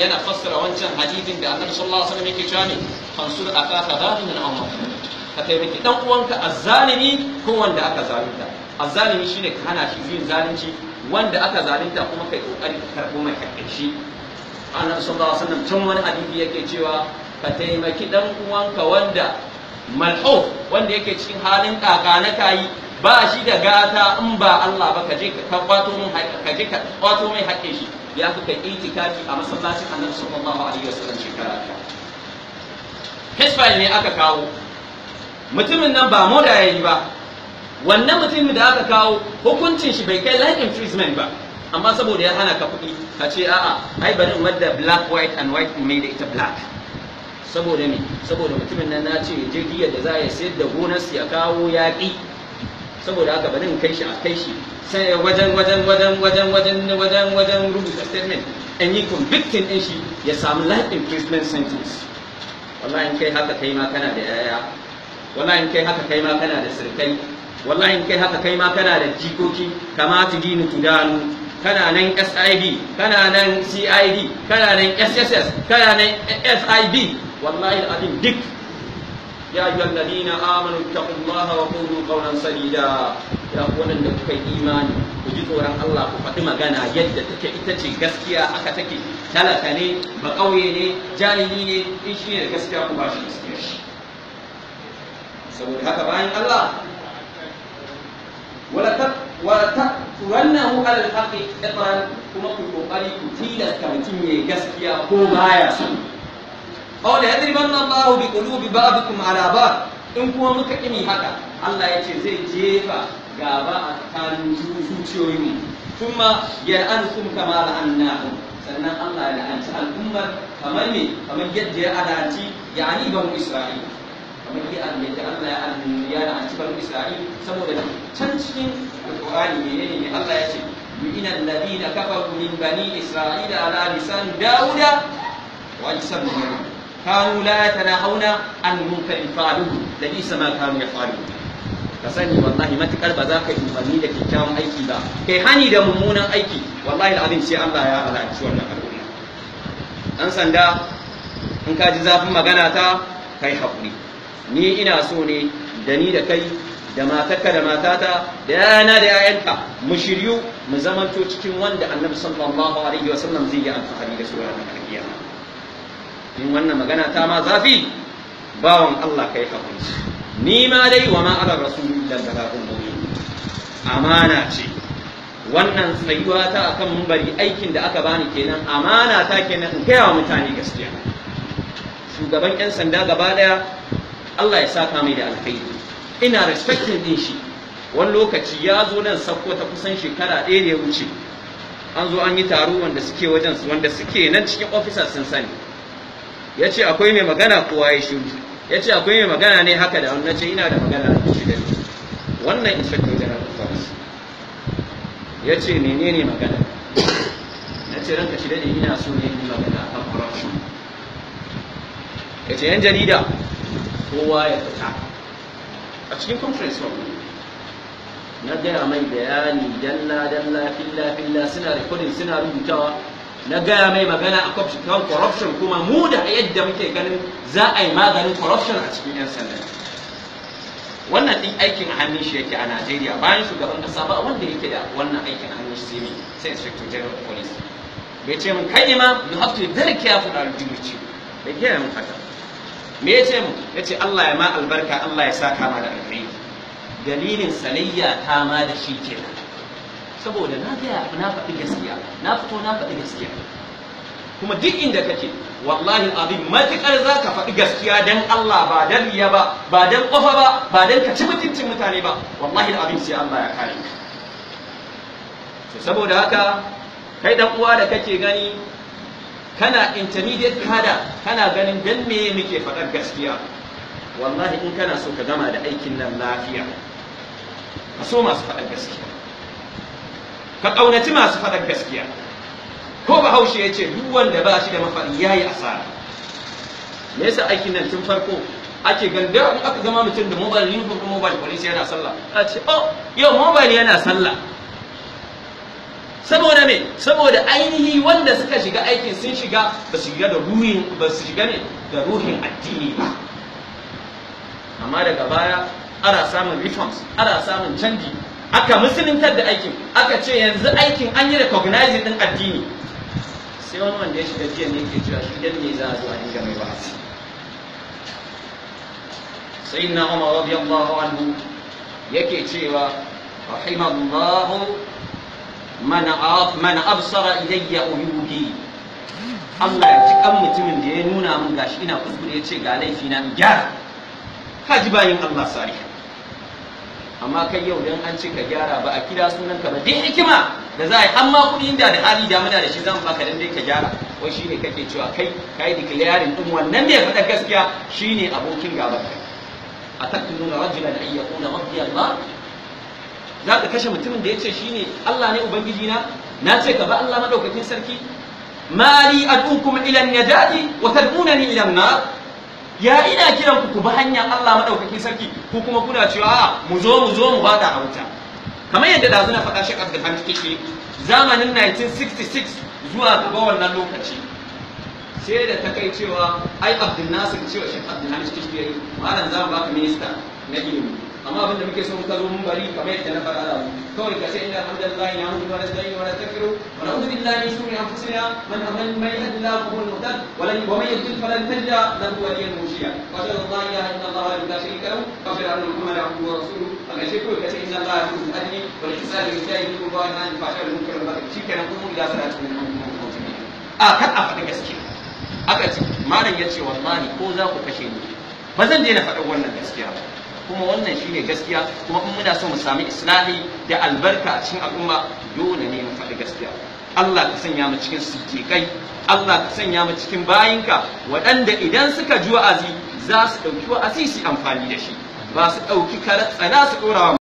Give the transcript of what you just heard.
yana fassara wancan hadithin da annabi sallallahu alaihi wasallam yake cewa ne fansur akaka zalimin aw mazlum ka taimaki dan uwanka azzalimi ko wanda aka zalunta azzalimi shine ka hana shi yin zalunci wanda aka zalunta kuma kai kokari ka karbo mai hakkin shi annabi sallallahu alaihi wasallam tun wani hadisi yake cewa ka taimaki dan uwanka wanda mal'uf wanda yake cikin halin kaka na kai, ba shi da gata in ba Allah ba ka je ka kwato mun je ka kwato mai haƙƙin shi ya fi kai itikafi a masallacin annabi sallallahu alaihi wasallam shekara ɗaya kisfail ne aka kawo mutumin nan ba moda ya yi ba wannan mutumin da aka kawo hukuncin shi bai kai life imprisonment ba amma saboda ya hana ka kuɗi ka ce a'a ai bari in wadda black white and white in mai da ita black saboda ne saboda mutumin nan na ce jirgiyar da za ya sayar da gonar ya kawo yaƙi saboda haka bari in kai shi a kai shi sai wajen wajen wajen wajen wajen wajen wajen rubuta statement in yi convicting din shi ya samu life imprisonment sentence wallahi in kai haka kai ma kana da yaya wallahi in kai haka kai ma kana da sirkai wallahi in kai haka kai ma kana da jikoki kama tudinu tudanu kana nan SID kana nan CID kana nan SSS kana nan FIB wallahi alazim duk يا أيها الذين آمنوا اتقوا الله وقولوا قولا سديدا يا أخوانا لكي إيماني وجدوا ورحمة الله فاطمة غانا ita ce gaskiya aka take talaka ne ba kauye ne jahili ne in shi ne gaskiya ku ba gaskiya saboda haka bayan Allah wala ta wala ta turannahu alal kuma ku kokari ku tilasta mutum ya gaskiya ko baya so aw la yadribanna Allahu bi qulubi ba'dikum ala ba'd in kuma muka kini haka Allah ya ce zai jefa gaba a tsakanin zuciyoyin kuma ya an kum kama la'annahu sannan Allah ya la'anci al'ummar kamar ne kamar yadda ya adaci ya ani ban Isra'il kamar yadda Allah ya la'anci ban Isra'il saboda can cikin alƙur'ani menene ne Allah ya ce من الذين كفروا من بني إسرائيل على لسان داود وأجسام مريم kanu la yatanahuna an munkarin fa'aluhu da isa ma kanu yafaluhu ka sani wallahi matukar ba za ka yi umarni da kyakkyawan aiki ba kai hani da mummunan aiki wallahi al'adun sai Allah ya halarci wannan al'umma dan sanda in ka ji zafin magana ta kai hakuri ni ina so ne da ni da kai da matarka da matata da yana da yayanka mu shiryu mu zamanto cikin wanda annabi sallallahu alaihi wasallam zai yi alfahari da su ranar kiyama in wannan magana ta ma zafi bawan Allah kai hakunci ni ma dai wa ma ala rasul illa balagul amana ce wannan tsayuwa ta akan mumbari aikin da aka bani kenan amana ta kenan in kai wa mutane gaskiya shugaban yan sanda gaba daya Allah ya saka mai da alkhairi ina respecting din shi wani lokaci ya zo nan sakko ta kusan shekara ɗaya da ya wuce an zo an yi taro wanda suke wajen wanda suke nan cikin ofisa sun sani ya ce akwai mai magana kowa ya shi ya ce akwai mai magana ne haka da wannan ce ina da magana a da gani wannan inspector general of police ya ce menene magana na ce ranka shi daɗe ina so ne yi magana akan corruption ya ce yan jarida kowa ya fita a cikin conference hall na gaya mai bayani dalla dalla filla filla suna recording suna rubutawa na gaya mai magana a kan corruption kuma mu da yadda muke ganin za a yi maganin corruption a cikin 'yan sanda wannan ɗin aikin hannun shi yake a najeriya bayan shugaban kasa ba wanda yake da wannan aikin hannun shi zai sai inspector general of police bai ce min kai ma you have to be very careful a do with bai gaya min haka me ya ce mun ya ce allah ya ma albarka allah ya sa kama da alheri dalilin salayya kama da shi kenan saboda na gaya na faɗi gaskiya na fito na faɗi gaskiya kuma duk inda kake wallahi azim matukar za ka faɗi gaskiya dan Allah ba dan riya ba ba dan kofa ba ba dan ka ci mutuncin mutane ba wallahi azim sai Allah ya kare ka to saboda haka kai dan uwa da kake gani kana intermediate kada kana ganin dan me muke faɗar gaskiya wallahi in kana so ka gama da aikin nan lafiya ka so masu faɗar gaskiya ka ƙaunaci masu faɗar gaskiya ko bahaushe ya ce duk wanda ba shi da mafaɗi ya yi asara me yasa aikin nan tun farko ake ganda in aka zama mutum da mobile ne ko mobile police yana sallah a ce oh yau mobile yana sallah saboda me saboda ainihi wanda suka shiga aikin sun shiga ba su shiga da ruhin ba su shiga ne da ruhin addini ba amma daga baya ana samun reforms ana samun canji aka musuluntar da aikin aka ce yanzu aikin an yi recognizing din addini sai wani wanda ya shiga jiya ne ke cewa shi dan ne za a zo a dinga mai wa'azi sayyidina umar radiyallahu anhu yake cewa rahimallahu man man absara ilayya uyubi Allah ya ci kan mutumin da ya nuna min gashi ina kuskure ya ce ga laifi na gyara haji bayin Allah sarihi amma kai yau dan an ce ka gyara ba a kira sunan ka ba dai hikima da za a yi amma kuɗi inda da hali da muna da shi zan baka dan dai ka gyara wai shine kake cewa kai kai declaring din wannan ne fada gaskiya shine abokin gaban kai atattununa rajulan an yaqula rabbi Allah za ka kashe mutumin da ya ce shine Allah ne ubangiji na na ce ka ba Allah madaukakin sarki mali ad'ukum ila an-najati wa tad'unani ila an-nar ya ina kiran ku ku bi hanyar Allah maɗaukakin sarki ko kuma kuna cewa a mu zo mu zo mu bada a kamar yadda da faɗa shekar da Hamid kike zamanin 1966 zuwa gaba wannan lokaci sai da ta kai cewa ai Abdul Nasir cewa Sheikh Abdul Hamid kike malam za mu baka minista na ilimi amma abin da muke so ka zo mun bari kamar yadda na faɗa mu kawai ka ce inna alhamdulillahi na hudu wa nasta'inu wa nastaghfiru wa na'udhu billahi min shururi anfusina man amman man yadillahu huwa al-muhtad wa lan wa man yadil falan tajda lan waliya al-mushiya wa ashhadu an la ilaha illa allah la sharika lahu wa ashhadu anna muhammadan abduhu wa rasuluhu a gaishe kawai ka ce inna allaha yaqulu bil adli wal ihsani wa ita'i dhil qurba wa yanha 'anil fahsha'i wal munkari wal baghi shikenan kuma mun gasa a cikin a kan a faɗi gaskiya aka ce malam ya ce wallahi ko za ku kashe ni ba zan daina faɗin wannan gaskiya ba kuma wannan shi ne gaskiya kuma in muna so mu sami islahi da albarka a cikin al'umma dole ne mu faɗi gaskiya Allah ka sanya mu cikin siddiƙai Allah ka sanya mu cikin bayinka waɗanda idan suka ji wa'azi za su ɗauki wa'azi su amfani da shi ba su ɗauki karar tsana su ɗora